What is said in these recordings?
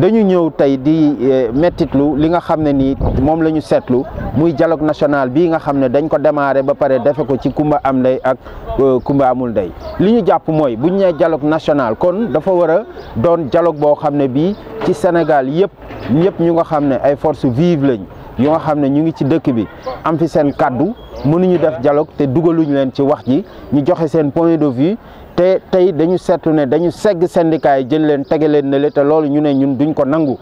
dañu ñëw tey di eh, mettitlu li nga xam ne nii moom la ñu seetlu muy jaloog national bii nga xam ne dañ ko démarré ba pare defe ko ci kumba am ndey ak kumba euh, amul ndey li ñu jàpp mooy bu ñu nee dialogue national kon dafa war a doon jaloog boo xam ne bii ci Sénégal yëpp ñëpp ñu nga xam ne ay forces vives lañ yu nga xam ne ñu ngi ci dëkk bi am fi seen kàddu mënuñu def dialogue te dugaluñu leen ci wax ji ñu joxe seen point de vue te tey dañu seetlu ne dañu segg syndicat jël leen tege leen ne le te loolu ñu ne ñun duñ ko nangu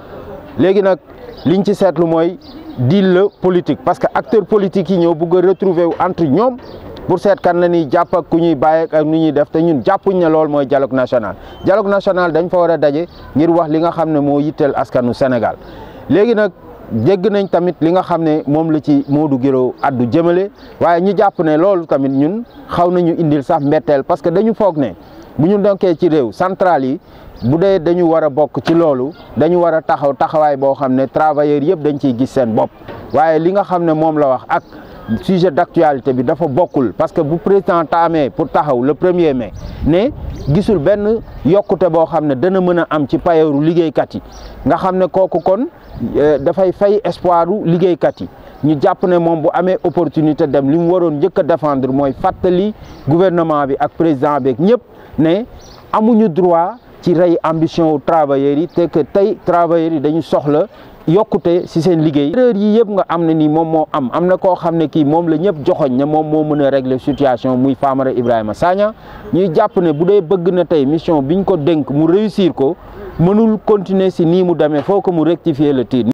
léegi nag liñ ci seetlu mooy deal la politique parce que acteur politique yi ñëw bugg a retrouver wu entre ñoom pour seet kan na ñuy jàpp ak ku ñuy bàyyi ak nu ñuy def te ñun jàppuñ ne lool mooy dialogue national dialogue national dañ fa war a daje ngir wax li nga xam ne moo yitteel askanu Sénégal jégg nañ tamit li nga xam ne moom la ci Modou Guiro addu jëmale waaye ñu jàpp ne loolu tamit ñun xaw nañu indil sax mbetteel parce que dañu foog ne bu ñu donkee ci réew central yi bu dee dañu war a bokk ci loolu dañu war a taxaw taxawaay boo xam ne travailleurs yëpp dañu ciy gis seen bopp waaye li nga xam ne moom la wax ak sujet d'actualité bi dafa bokkul parce que bu président taamee pour taxaw le premier mai ne gisul benn yokkute boo xam ne dana mën a am ci payeeru liggéeykat yi nga xam ne kooku kon euh, dafay fay espoiru liggéeykat yi ñu jàpp ne moom bu amee opportunité dem li mu waroon njëkk a défendre mooy fàttali gouvernement bi ak président beeg ñëpp ne amuñu droit ci rey ambition wu travailleurs yi te que tey travailleurs yi dañu soxla yokkute si seen liggéey erreur yi yëpp nga am na nii moom moo am am na koo xam ne kii moom la ñëpp joxoñ ne moom moo mën a réglé situation muy Famara Ibrahima Sagna ñuy jàpp ne bu dee bëgg na tey mission biñ ko dénk mu réussir ko mënul continuer si nii mu demee foo ko mu rectifier le tir